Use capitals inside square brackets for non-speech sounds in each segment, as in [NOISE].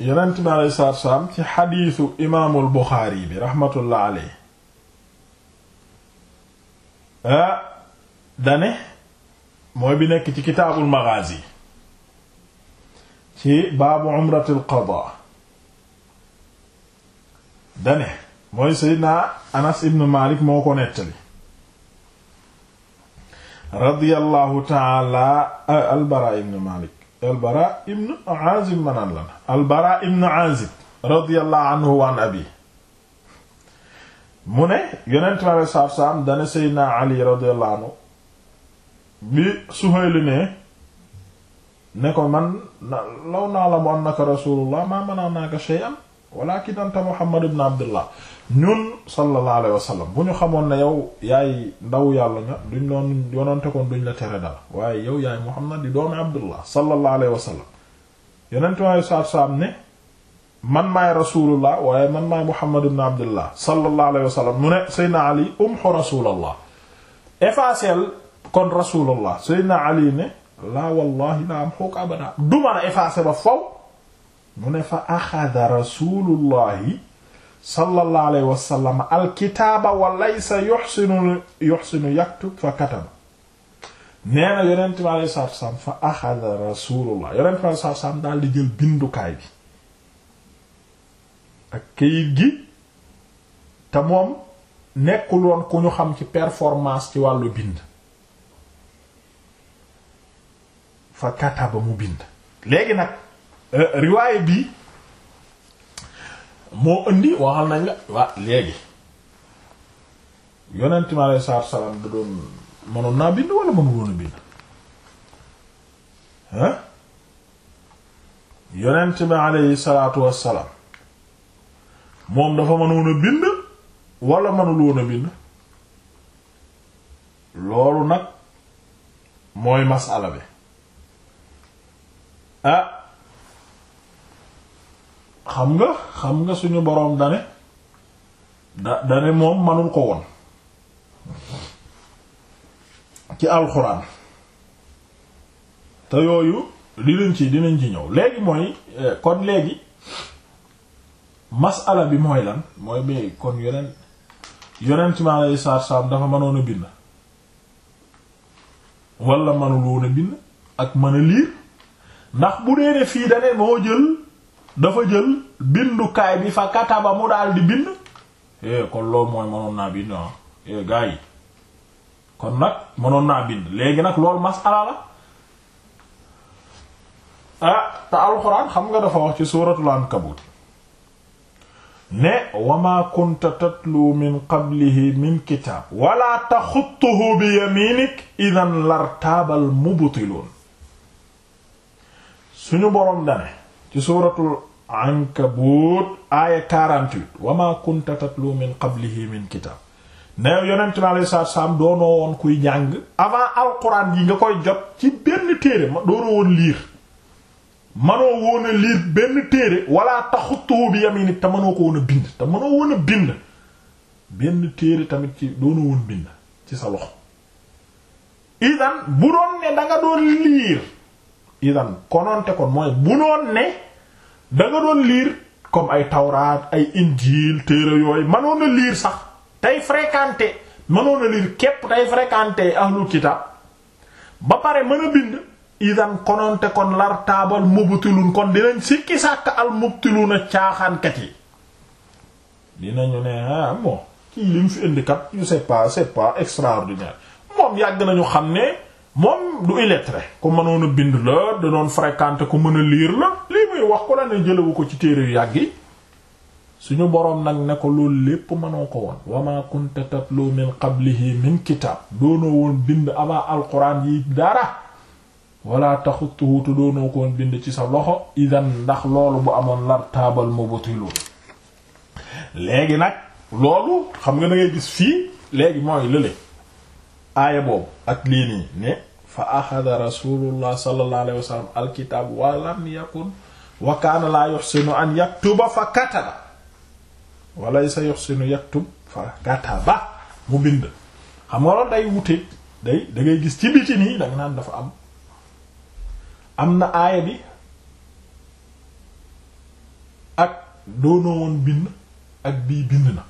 yonent bi aleyhi salaam ci xadiisu imaamul Buxaari bi raxmatullah dane mooy bi nekk ci kitaabul magaazi ci baabu umratil qadaa dane mooy seydina Anas ibn Maalik moo ko nettali taala al Baraa ibn albara ibn azib manaan lan albara ibn azib radiyallahu anhu waan abi mu ne yonent mi alei saatu salaam dana seydna ali radiyallahu anhu bi Suhayl ne ne ko man law na'lamu annaka rasulullah ma mana'naka shay'an walakin anta muhammad ibn abdullah ñun sallallahu alayhi wa sallam bu ñu xamoon na yow yaay ndaw yàlla nga duñ loon yonante koon duñ la tere dara waaye yow yaay Muhammad di doomi Abdullah sallallahu alayhi wa sallam saab-saab ne man maay rasulullah waaye man maay Muhammad ibn Abdullah sallallahu alayhi mu ne Seydina Ali umxu rasulullah effacer kon rasulullah Seydina Ali ne laa wallahi la amxuka abada du mën a ba faw mu ne fa axada rasulullahi sallallahu alayhi wa sallam alkitaaba wa laysa yuxsinu yuxsinu yaktub fa kataba nee na yonent bi wa salaam fa axada rasulullah yonent bi alayhi salaatu di jël bindukaay bi ak kayit gi te moom nekkul woon ku ñu xam ci performance ci wàllu bind fa kataba mu bind léegi nag euh, riwaaye bi moo indi waxal nañ la waa léegi yonent mi aleyhi salaatu salaam da doon mënoon naa bind wala mënul woon a bind ah yonent mi aleyhi salaatu wassalaam moom dafa mënoon a bind wala mënul woon a bind loolu nag mooy masala bi ah, xam nga xam nga suñu boroom dane da dane moom manul ko woon ci alxuraan te yooyu dinañ ci dinañ ci ñëw léegi mooy eh, kon léegi masala bi mooy lan mooy ba kon yeneen yonent mi alayhi salaatu salaam dafa mënoon a bind wala mënul woon a bind ak mën a liir ndax bu dee ne fii dane moo jël dafa jël bindukaay bi fa kataba mu daal di bind eh, kon loolu mooy mënoon naa bind ah. eh, kon nag mënoon naa bind léegi nag loolu masala la ah te alxuraan xam nga dafa wax ci suuratul ankabut ne wama kunta tatlu min qablihi min kitaab wala taxuttuhu bi yaminik idan lartaabal mubtiluun suñu boroom dane ci suuratul ankabut aaya 48 wama kunta min qablihi min kitab neew yonent bi alei doonoo woon kuy jàng avant alquran yi nga koy jot ci benn téere ma doonoo woon liir manoo woon a liir benn téere wala taxu bi yaminit te manoo ko woon a bind te manoo woon a bind benn téere tamit ci doonoo woon bind ci sa loxo idan bu doon ne da doon liir idan konoonte kon mooy bu noon ne da nga doon liir comme ay tawraat ay injiil téere yooyu manoon a liir sax tey fréquenté mënoon a liir képp tey fréquenté ahlul kitab ba pare mën a bind idan konoonte kon lar taabal mubtilun kon dinañ sikki sàkk al mubtiluna caaxaankat yi dinañu ne ah bon kii li mu fi indi kat je sais extraordinaire moom yàgg nañu xam ne moom du illettré ku mënoon bind la da doon fréquenté ku mën a liir la lii muy wax ko la ne jëlewu ko ci téere yu yàgg yi suñu boroom nag ne ko loolu lépp mënoo ko woon wama kunta tatlu min qablihi min kitab doonoo woon bind avant alquran yi dara wala taxutuhu te doonoo ko woon bind ci sa loxo idan ndax loolu bu amoon lar taabal mubtilu léegi nag loolu xam nga da ngay gis fii léegi mooy lële aaya boobu ak lii nii ne fa axada rasulullah sallallahu alayhi wa sallam alkitab wa lam yakun wa kaana laa yuxsinu an yaktuba fa kataba mu bind xam nga loolu day wute day da ngay gis ci biti nii danga naan dafa am am na aaya bi ak doonoo woon bind ak bii bind na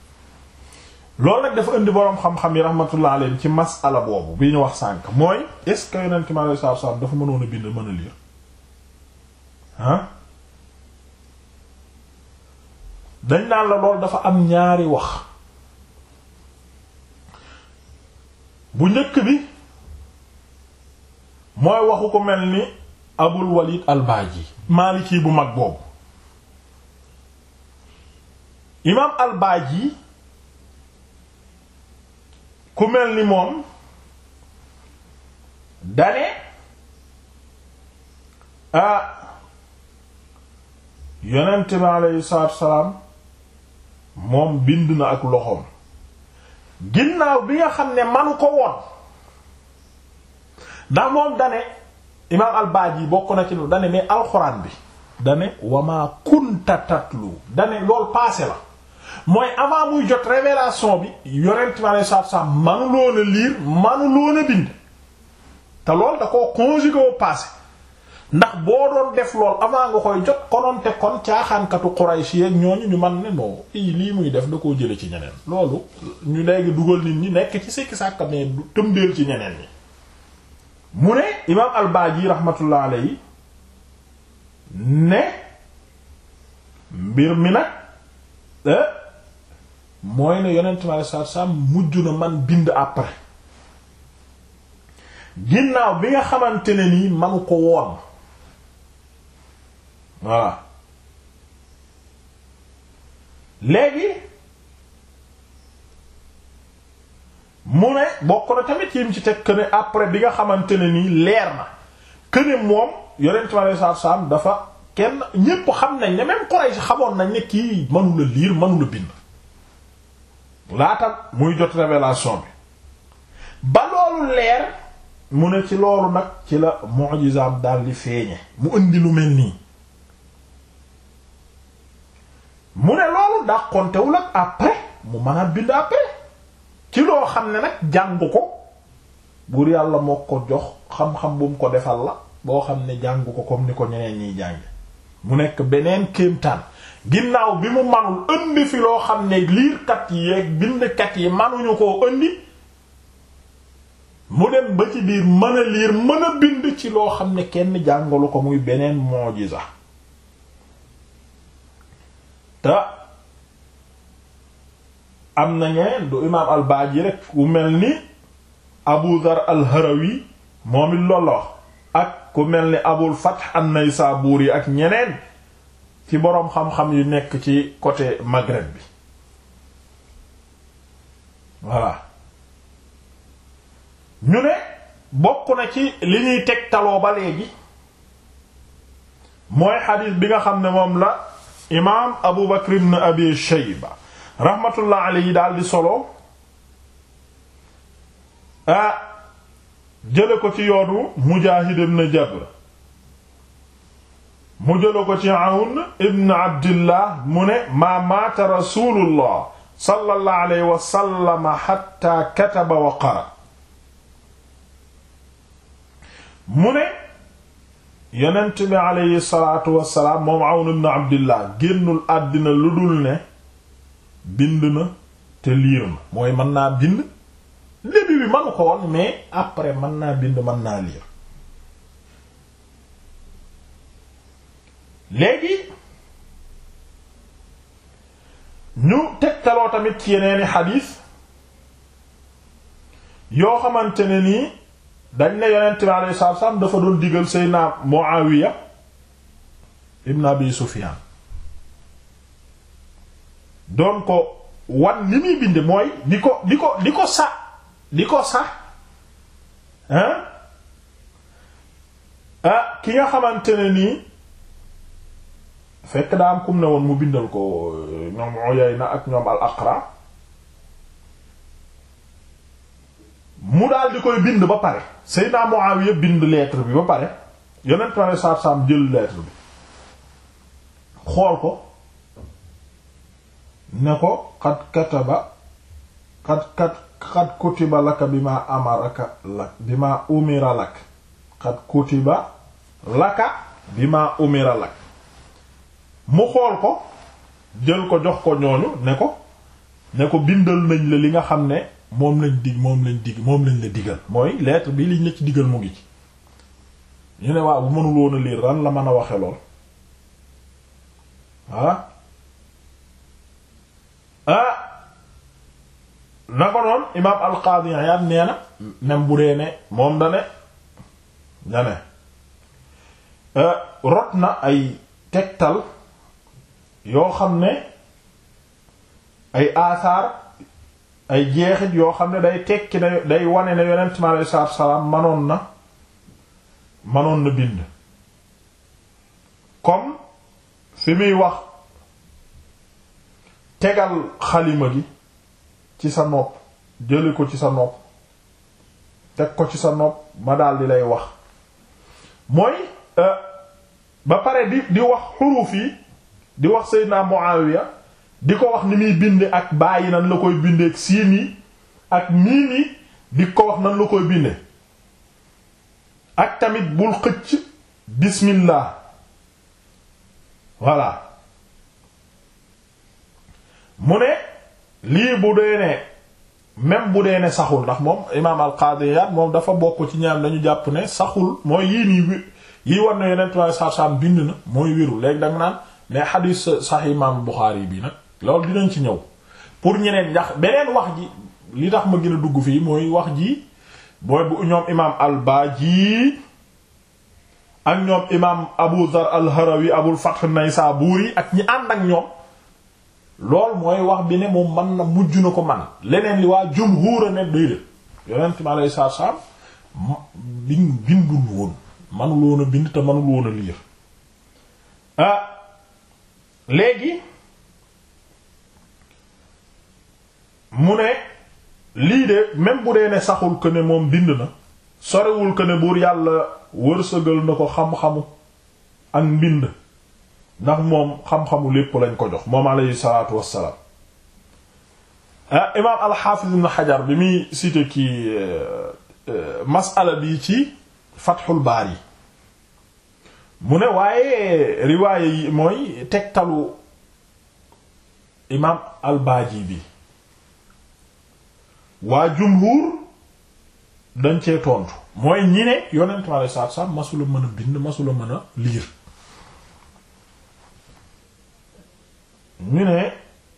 loolu nag dafa indi boroom xam-xam yi rahmatullah alayhi ci masala boobu bi ñu wax sànk mooy est-ce que yonent mi alayhi dafa mënoon a bind mën a lire dañ daan la loolu dafa am ñaari wax bu njëkk bi mooy waxu ko mel ni Abul Walid al-Baaji Maliki bu mag boobu imaam al-Baaji ku mel ni moom dane ah yonent bi aleyhi salaam moom bind na ak loxoom ginnaaw bi nga xam ne manu ko woon ndax moom dane imaam al-Baaji bokk na ci lu dane mais alxuraan bi dane wamaa kunta dane lool paase la mooy avant muy jot révélation bi yorent bi alei satu salaam manu loon a liir manu loon a te loolu da koo conjugué au ndax boo doon def lool avant nga koy jot kononte kon caaxaankatu Quraysh yeeg ñooñu ñu man ne non i lii muy def da koo jële ci ñeneen loolu ñu léegi dugal nit ñi nekk ci sikki sàkka mais tëmbeel ci ñeneen ñi mu ne imaam al-Baaji rahmatullah ne mbir mi nag eh, mooy ne yonent mi alei satu salaam na man bind après ginnaaw bi nga xamante ne nii manu ko woon voilà léegi mu ne bokk na tamit mu ci teg que après bi nga xamante ne nii leer na que moom yonent mi alei satu dafa kenn ñépp xam nañ ne même Quraysh xamoon nañ ne kii mënula liir mënula bind laata muy jot révélation bi ba loolu leer mu ne ci loolu nag ci la mu'jizaam daal di feeñe mu indi lu mel nii mu ne loolu dàqontewul ak après mu mën a bind après ci loo xam ne nag jàng ko buur yàlla moo ko jox xam-xam bu mu ko defal la boo xam ne jàng ko comme ni ko ñeneen ñiy jàng mu nekk beneen kéemtaan ginnaaw bi mu manul indi fi loo xam ne liirkat yi bindkat yi manuñu koo indi mu dem ba ci biir mën a liir mën a bind ci loo xam ne kenn jàngalu ko muy beneen mujiza te am na ñeneen du imaam al-Baaji rek ku mel ni Abu Dhar al-Harawi moom it loolu ak ku mel ni Abul nay an yi ak ñeneen ci boroom xam-xam yu nekk ci côté Maghreb bi voilà ñu ne bokk na ci li ñuy teg taloo ba léegi mooy xadiis bi nga xam ne moom la imaam Abu Bakr ibn Abi Shayba rahmatullah alayhi daal di solo ah jële ko ci yoonu Mujaahid ibn Jabr mu jëla ko ci Awn ibn Abdillah mu ne maa maata rasulullah sallallahu alayhi wa sallam kataba wa qara mu ne yonent bi salaatu wassalaam moom Awn Abdillah génnul àddina lu dul ne bind na te liir na mooy mën naa bind lébi bi manu ko woon mais après mën naa bind mën naa liir léegi ñu tegtaloo tamit ci yeneeni xadiis yoo xamante ne nii dañ ne yonent bi alayhi salaatu salaam dafa doon digal Seydina Muawiya ibn Abi Sufyaan doon ko wan li muy bind mooy di ko di ko di ko sa di ko sa hein ah, ki nga xamante nii fekk daa am kum ne woon mu bindal ko euh, ñoom Uyayna ak ñoom al Aqra mu daal di koy bind ba pare Seydina Muawiya bind lettre bi ba pare yonent ma ne saab jël lettre bi xool ko ne ko xad kataba xad xad xad kutiba laka bi ma amaraka lak bi ma umira lak xad kutiba laka bi ma umira lak mu xool ko jël ko jox ko ñooñu ne ko ne ko bindal nañ la li nga xam ne moom lañ dig moom lañ dig moom lañ la digal mooy lettre bi liñ la ci digal mu ngi ci ñu ne bu mënul woon a lire ran la mën a waxe lool ah ah na ko noon imaam al-Qaadi Iyaad nee na même bu dee ne moom da ne da ne eh, rot na ay tegtal yoo xam ne ay asaar ay jeexit yoo xam ne day tekki na day wane na yonent mi aleyhi salaatu wa manoon na manoon na bind kon fi muy wax tegal xalima gi ci sa nopp jëli ko ci sa nopp teg ko ci sa nopp ma daal di lay wax mooy euh, ba pare di di wax xuruf yi di wax Seydina Muawiya di ko wax ni muy bind ak bàyyi nan la koy bindee ak siin yi ak miin di ko wax na la koy bindee ak tamit bul xëcc bismillah voilà mu ne lii bu dee ne même bu dee ne saxul ndax moom imaam al-Qadiyaat moom dafa bokk ci ñaar dañu jàpp ne saxul mooy yii nii yi war na yeneen trois cent bind na mooy wiru léegi danga naan. mais xadiis sax imaam Buxaari bi nag loolu dinañ ci ñëw pour ñeneen ndax beneen wax ji li tax ma gin a dugg fii mooy wax ji booy bu ñoom imaam al-Baaji ak ñoom imaam Abu Zar al-Harawi Abul Fath an-Naysaburi ak ñi ànd ak ñoom lool mooy wax bi ne moom man na mujj na ko man leneen li waa jumhuur ne déedéet yonent mi alayhi salaatu salaam bind bindul woon manul woon a bind te manul woon a liir ah, léegi mu ne lii de même bu dee ne saxul que ne moom bind na sorewul ko ne buur yàlla wërsëgal na ko xam-xamu ak mbind ndax moom xam-xamu lépp lañ ko jox moom aleyhi salaatu wassalaam ah imaam alxaafiz xajar bi muy cité ki euh, euh, masala bi ci fatxul baar yi mu ne waaye riwaaye yi mooy tegtalu imaam albaaji bi waa jumhur dañ cee tontu mooy ñi ne yonentu Yàlla masula mën a bind masula mën a liir ñu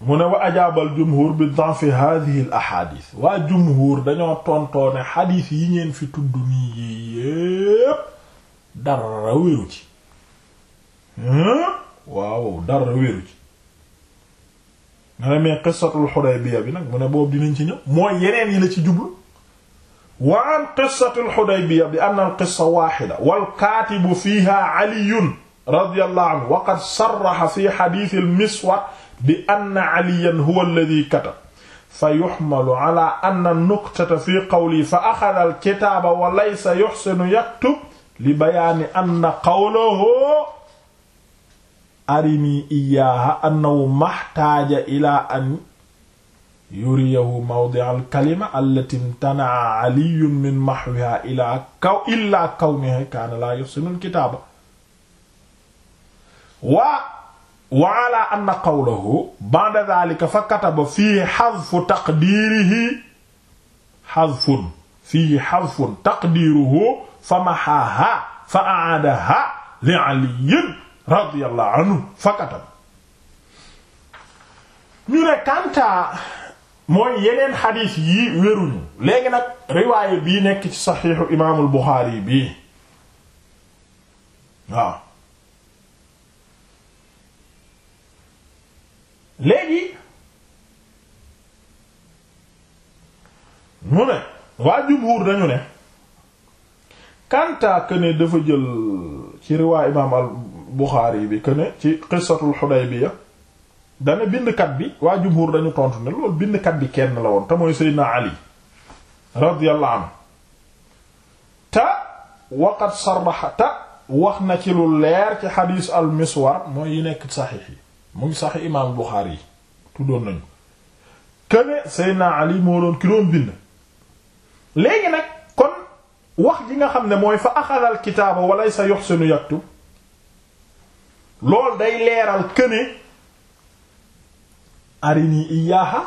mu ne wa ajaabal jumhur bi danfi hadhihi al ahadith waa jumhur dañoo tontoo xadiis yi ngeen fi tudd nii yépp dara wéru ci waaw dara wéeru ci nga ne mais qissatul Hudaybiya bi nag mu ne boobu dinañ ci ñëw mooy yeneen yi la ci jublu wa an qissatul Hudaybiya bi anna al qissa wahida wal katibu fiha aliyun radiyallahu anhu wa qad sarraha fi hadith al miswar bi anna aliyan huwa alladhi kataba fa yuhmalu ala anna nuqtata fi qawli fa akhadha al kitaba wa laysa yuhsinu yaktub li bayani anna qawluhu arinii iyaaha annahu maxtaaja ilaa an yuriyahu mawdia alkalima allati imtanaa caliyun min maxwiha ilaa kaw illaa kawnihi kaana laa yuxsinu lkitaaba waa wa ala anna qawlahu ba'da dhalika fa kataba fiihi xadfu taqdiirihi xadfun fiihi xadfun taqdiiruhu fa maxaaha fa acaadaha li caliyin radiyallahu anhu fakatam ñu ne kantaa mooy yeneen xadiis yi wéruñu léegi nag riwaaye bii nekk ci saxiixu imaamul Buxaari bii waaw léegi mu ne waa jumhuur dañu ne kantaa que ne dafa jël ci riwaaye imaam Buxaari bi que ne ci qissatul Xudaybiya dana bindkat bi waa jumhur dañu tontu ne loolu bindkat bi kenn la woon te mooy Seydina Ali radiyallahu te wax na ci lu leer ci xadiis al miswar mooy yi nekk saxiix yi mu ngi sax imaam Buxaari yi tuddoon nañu que ne Seydina Ali moo doon ki doon bind léegi nag kon wax ji nga xam ne mooy fa axadal kitaaba wa laysa yuxsinu yaktub loolu day leeral këne arini iyaaha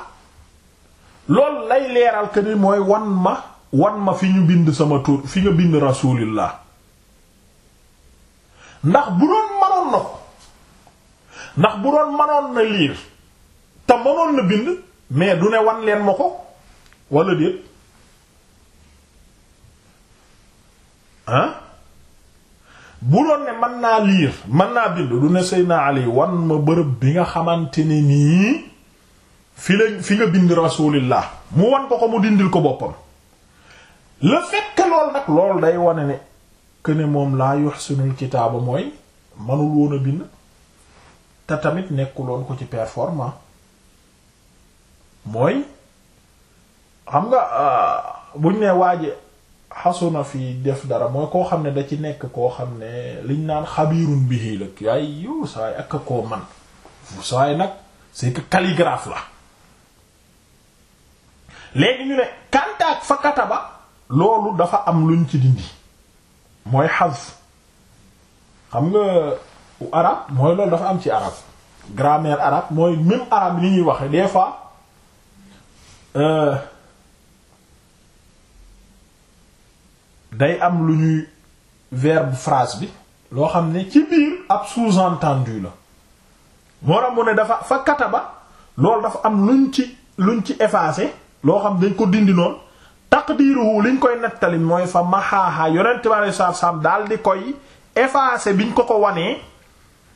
loolu lay leeral këne mooy wan ma wan ma fi ñu bind sama tuut fi nga bind rasulillah ndax bu doon manoon na ko ndax bu doon manoon na liir te mënoon na bind mais du ne wan leen ma ko walla déet ah bu doon ne mën naa liir mën naa bind du ne Seydina Ali wan ma bërëb bi nga xamante ne nii fi la fi nga bind rasulillah mu wan ko ko mu dindil ko boppam le fait que lool nag lool day wane ne que moom laa yuhsinul kitaaba mooy mënul woon a bind te tamit nekkuloon ko ci performant mooy xam nga euh, buñ ne waaje xasuna fii def dara mooy koo xam ne da ci nekk koo xam ne liñ naan xabiirun bihi lak yaay yow saay ak a koo man saay nag c'est que calligraphe la léegi ñu ne kantaak fa kataba loolu dafa am luñ ci dindi mooy xas xam nga arab mooy loolu dafa am ci arab grammaire arabe mooy même arabe ni ñuy waxe des fois euh, day am lu ñuy verbe phrase bi loo xam ne ci biir ab sous-entendu la moo tax ne dafa fa kataba loolu dafa am luñ ci luñ ci effacé loo xam dañ ko dindi noonu taqdiruhu liñ koy nettali mooy fa maxaaxaa yonent bi alei satu salaam daal di koy effacé biñ ko ko wanee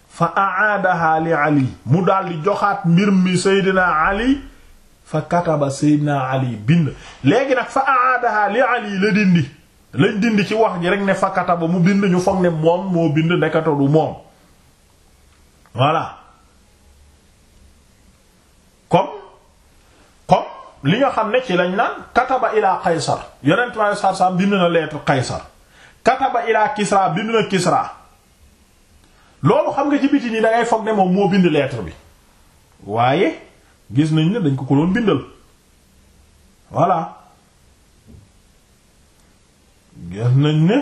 fa aadaha li ali mu daal di joxaat mbir mi seydina ali fa kataba seydina ali bind léegi nag fa aadaha li ali la dindi lañ dindi ci wax ji rek ne fakkata ba mu bind ñu foog ne moom moo bind ndeketoo du moom voilà comme comme li nga xam ne ci lañ naan kataba ilaa Qaysar yonent ma sar sam bind na lettre Qaysar kataba ilaa Kisra bind na Kisra loolu xam nga ci biti nii da ngay foog ne moom moo bind lettre bi waaye gis nañ ne dañ ko ko doon bindal voilà gis nañ ne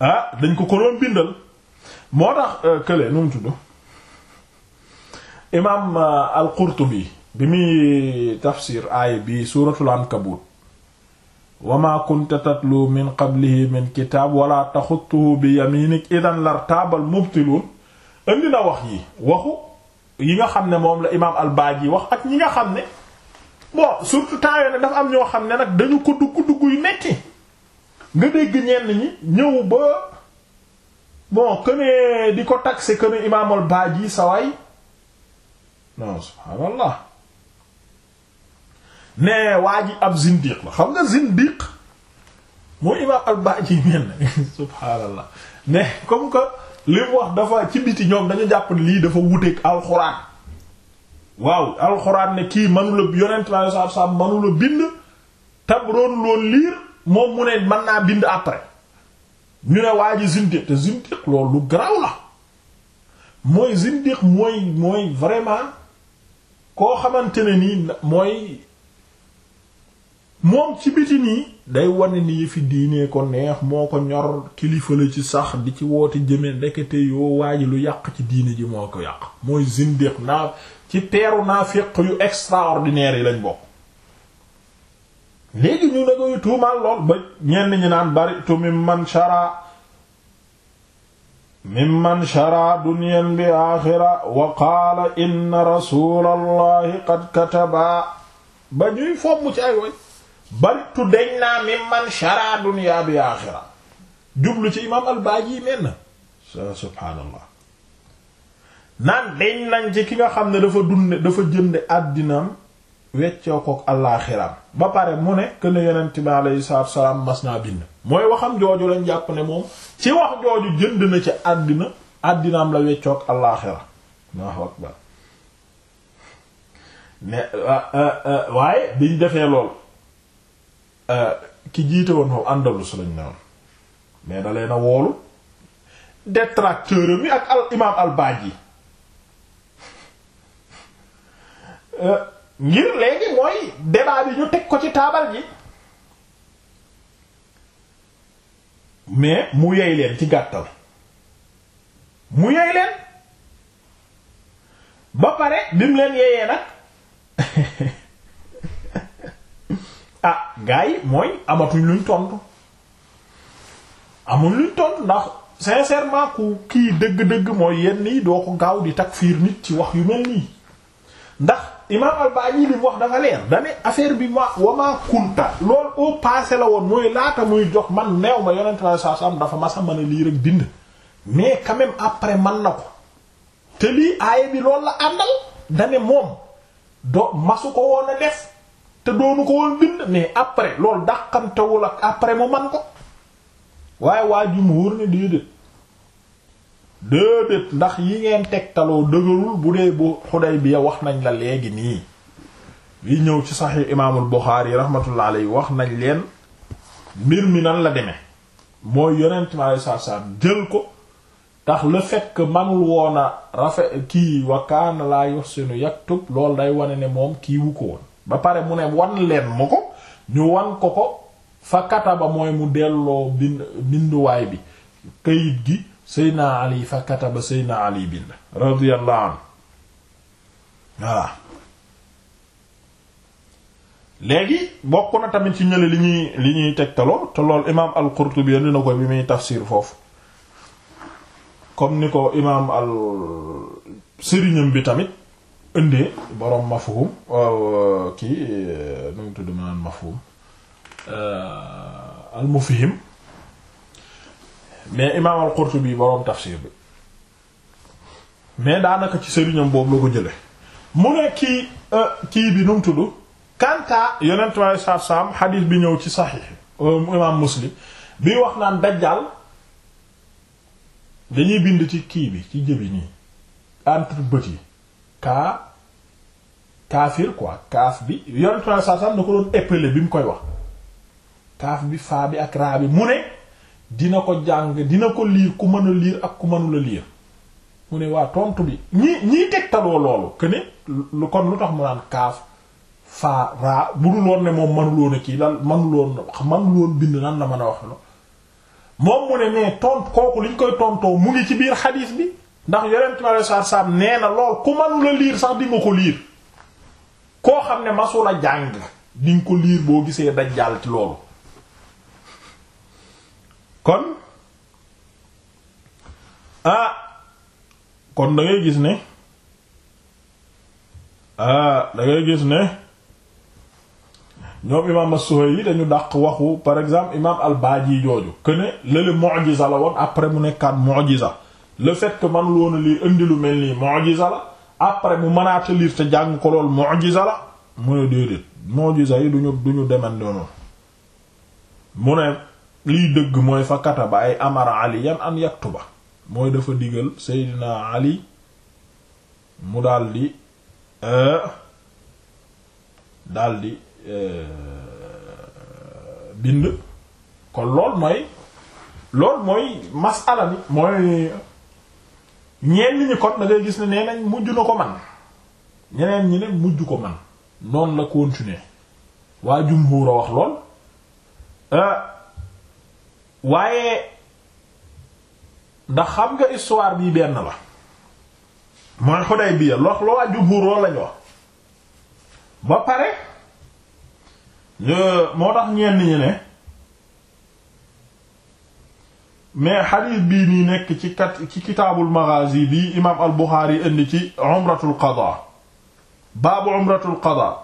ah dañ ko ko doon bindal moo tax euh, kële nu mu tudd imaam euh, al-Qurtubi bi muy tafsir aaya bi suuratul ankabut wa maa kunta tatlu min qablihi min kitaab wala taxuttuhu bi yaminik idan lartaabal mubtiluun indi na wax yi waxu yi nga xam ne moom la imaam al-Baaji wax ak ñi nga xam ne bon surtout temps yoo ne dafa am ñoo xam ne nag dañu ko dugg dugg yu metti nga dégg ñenn ñi ñëw ba bon que di ko taxé que ne imaamal baaji yi saway subhaanallah ne waa ji ab zindiq la xam nga zindiq moo imaam al baaji [LAUGHS] mel subhaanallah mais comme que li mu wax dafa ci biti ñoom dañu jàpp ne lii dafa wuteeg alxuraan waaw alxuraan ne kii manula yonent bi alei satu salaam manula bind tabroon loolu liir moom mu ne mën naa bind après ñu ne waa ji zindiq te zindiq loolu lu garaaw la mooy zindiq mooy mooy vraiment koo xamante ne nii mooy moom ci biti nii day wane ni yëfi diine ko neex moo ko ñor kilifa la ci sax di ci woote jëme ndekete yoo waaji lu yàq ci diine ji moo ko yàq mooy zindiq naa ci teeru naa féq yu extraordinaire yi lañ bokk léegi ñu ne tuumaal lool ba ñenn ñi naan baritu mim man shara mim man shara bi aaxira wa qaala inna rasulallahi qad kataba ba ñuy fomm ci ay woy baritu deñ naa mi man shara dunya bi aaxira jublu ci imaam al-Baaji menn subhaanallah naan deñ nañ ci ki nga xam ne dafa dunde dafa jënd àddinaam weccoo kook allaaxiraam ba pare mu ne kën a yonent bi salaam mas bind mooy waxam jooju lañ jàpp ne moom ci wax jooju jënd na ci àddina àddinaam la weccook allaaxira Allahu akbar ne defee lool Euh, ki jiite woon foofu Andalus lañ ne woon mais da leen a woolu détracteur mi ak al imaam al Baaji euh, ngir léegi mooy débat bi ñu teg ko ci taabal ji mais mu yey leen ci gàttal mu yey leen ba pare bi mu leen yeyee nag [LAUGHS] ah gars yi mooy amatuñ luñ tontu amuñ luñ tontu ndax sincèrement ku kii dëgg-dëgg mooy yenn yi doo ko gaaw di takfiir nit ci wax yu mel nii ndax imaam Albani li mu wax dafa leer dane affaire bi ma wama kunta loolu au passé la woon mooy laata muy jox man neew ma yonent la saa am dafa masa man a lii rek bind mais quand après man na ko te lii aaye bi loolu la àndal dane moom do masu ko woon a def te doonu ko woon bind mais après loolu dàqamtewul ak après mu man ko waaye waa jumhur ne déedéet déedéet ndax yi ngeen tegtaloo dëgërul bu dee bi Hudaybiya wax nañ la léegi nii li ñëw ci Sahih imaamul Bukhari rahmatullah alayhi wax nañ leen mbir mi nan la demee mooy yonent mi alayhi salaatu salaam jël ko ndax le fekk que manul woon a rafet kii wa kaana laa yuhsinu yaktub lool day wane ne moom kii wu ko woon ba pare mu ne wan leen mu ko ñu wan ko ko fa kataba mooy mu delloo binduwaay bi kayit gi Seydina Ali fa kataba Seydina Ali bind radiyallahu anhu voilà léegi bokk na tamit ci ñële li ñuy li ñuy tegtaloo te lool imaam al-Qurtubi andi na ko bi muy tafsir foofu comme ni ko imaam al sëriñam bi tamit indee boroom mafhum waaw euh, kii euh, nu mu tudd maanaam mafhum euh, al mais imaam al Qurtubi boroom tafsir bi mais daanaka ci sëriñam boobu la ko jële mu ne kii kii bi nu mu tudd kanta yonent mi alei xadiis bi ñëw ci saxiix imaam Muslim bi wax naan dajjaal dañuy bind ci kii bi ci jëbi nii entre bët yi kaa kaafir quoi kaaf bi yonent bi saa saam da ko doon épeler bi mu koy wax kaaf bi faa bi ak raa bi mu ne dina ko jàng dina ko liir ku mën a liir ak ku mënula liir mu ne waa tontu bi ñi ñiy tegtaloo loolu que lu kon lu tax mu naan kaaf faa raa budul woon ne moom mënuloon a kii lan mënuloon mënuloon bind nan la mën a wax la moom mu ne nee tont kooku liñ koy tontoo mu ngi ci biir xaliis bi ndax yonent ma saa saam nee na lool ku manu la liir sax di nga ko liir koo xam ne masula jàng di ko liir boo gisee dajjaal ci loolu kon ah kon da gis ne ah dangay gis ne ñoom imaam as-Suhayli yi dañu dàq waxu par exemple imaam al-Baaji jooju que ne lële la woon après mu nekkaat mu'jiza le fait que man loona lii indi mel nii mu'jiza la après mu mënaata liir te jàng ko lool mu'jiza la mu ne déedéet mu'jiza yi duñu duñu demandoonu mu ne liy dëgg mooy fa kataba ay amara aliyan an yaktuba mooy dafa digal Seydina Ali mu daldi euh, daldi euh, bind kon lool mooy lool mooy masala ni mooy ñenn ñi kon da gis ne nee mujj na ko man ñeneen ñi ne mujj ko man noonu la continuer waa jumhuur a wax lool euh, waaye ndax xam nga histoire bii benn la mooy Hudaybiya lox la waa jumhuur lool lañu wax ba pare moo tax ñenn ñi ne mais xadiis bii nii nekk ci kat ci kitaabul maghazi bii imaam al buxaari indi ci umratul qadaa baabu umratul qadaa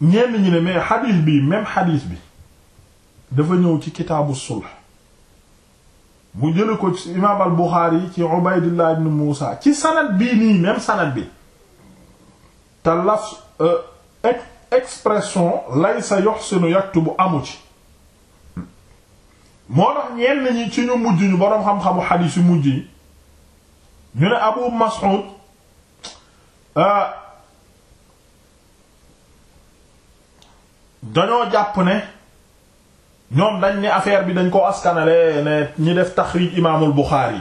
ñenn ñi ne mais xadiis bii même xadiis bi dafa ñëw ci kitaabu sulh mu jële ko ci imaam al buxaari ci ubaydillah ibn muusa ci sanad bii nii même sanad bi te laf euh, expression laysa yuhsinu yaktubu amu ci moo tax ñenn ñi ci ñu mujj ñu boroom xam-xamu xadiis yu mujj yi ñu ne Abu Mas'ud ah, dañoo jàpp ne ñoom dañ ne affaire bi dañ ko askanale ne ñi def taxriij imaamul Buxaari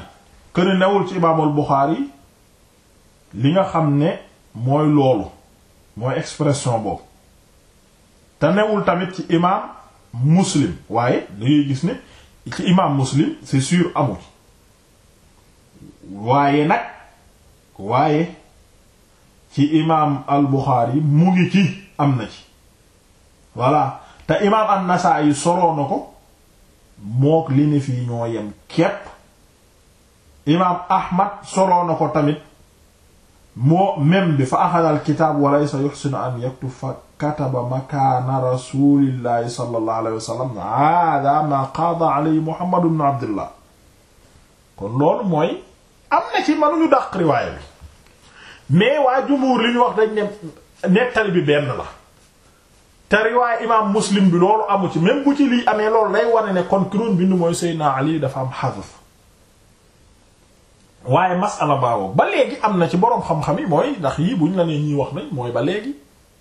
kër newul ci imaamul Buxaari li nga xam ne mooy loolu mooy expression boobu te newul tamit ci imaam Muslim waaye da ngay gis ne ci imam muslim c'est sûr amul waaye nag waaye ci imam al mu ngi ci am na ci voilà te imam an yi soloo na ko mook li ne fii ñoo yem képp imam Ahmad soloo na ko tamit moo même bi fa axadal kitaab walaysa yuxsinu an yaktub fa kataba makaana rasulillahi sallallahu alayhi wa sallam hada ma qaada alayhi muhammad ibn abdullah kon loolu am na ci mënuñu dàq riwaaya bi mais waa jumuur li ñu wax dañ ne bi benn la te riwaaya imaam muslim bi loolu amu ci même bu ci lii amee loolu lay wane ne kon ki bi bind mooy seydna ali dafa am xadaf waaye masala baawo ba léegi am na ci boroom xam-xam yi mooy ndax yii buñ la nee ñuy wax nañ mooy ba léegi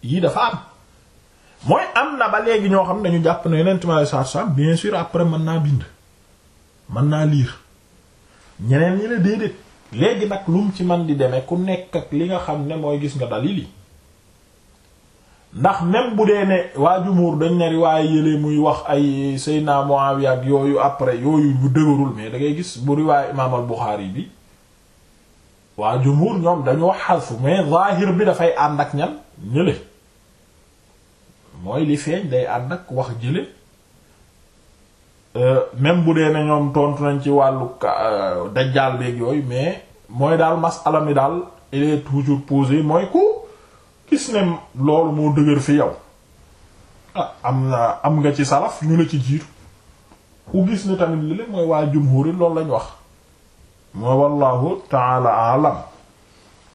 yii dafa am mooy am na ba léegi ñoo xam ne dañu jàpp ne yeneen temeraire saa bien sûr après mën naa bind mën naa lire ñeneen ñi la léegi nag lu mu ci man di demee ku nekk ak li nga xam ne mooy gis nga dalil yi ndax même bu dee ne waa jumuur dañ ne riwaaya yële muy wax ay Seydina Muawiya ak yooyu après yooyu bu dëgërul mais da gis bu riwaaya Imaam al-Bukhari bi. waa jumhur ñoom dañoo wax xarfu mais zaahir bi dafay ànd ak ñan ñële mooy li feeñ day ànd ak wax jële euh, même bu dee ne ñoom tontu nañ ci wàllu euh, dajjaal beeg yooyu mais mooy daal masala mi daal il est toujours posé mooy ku gis ne loolu moo dëgër fi yow ah am na am nga ci salaf ñu la ci jiitu ku gis ne tamit li mooy waa jumhur yi loolu lañu wax moo wallahu taala alam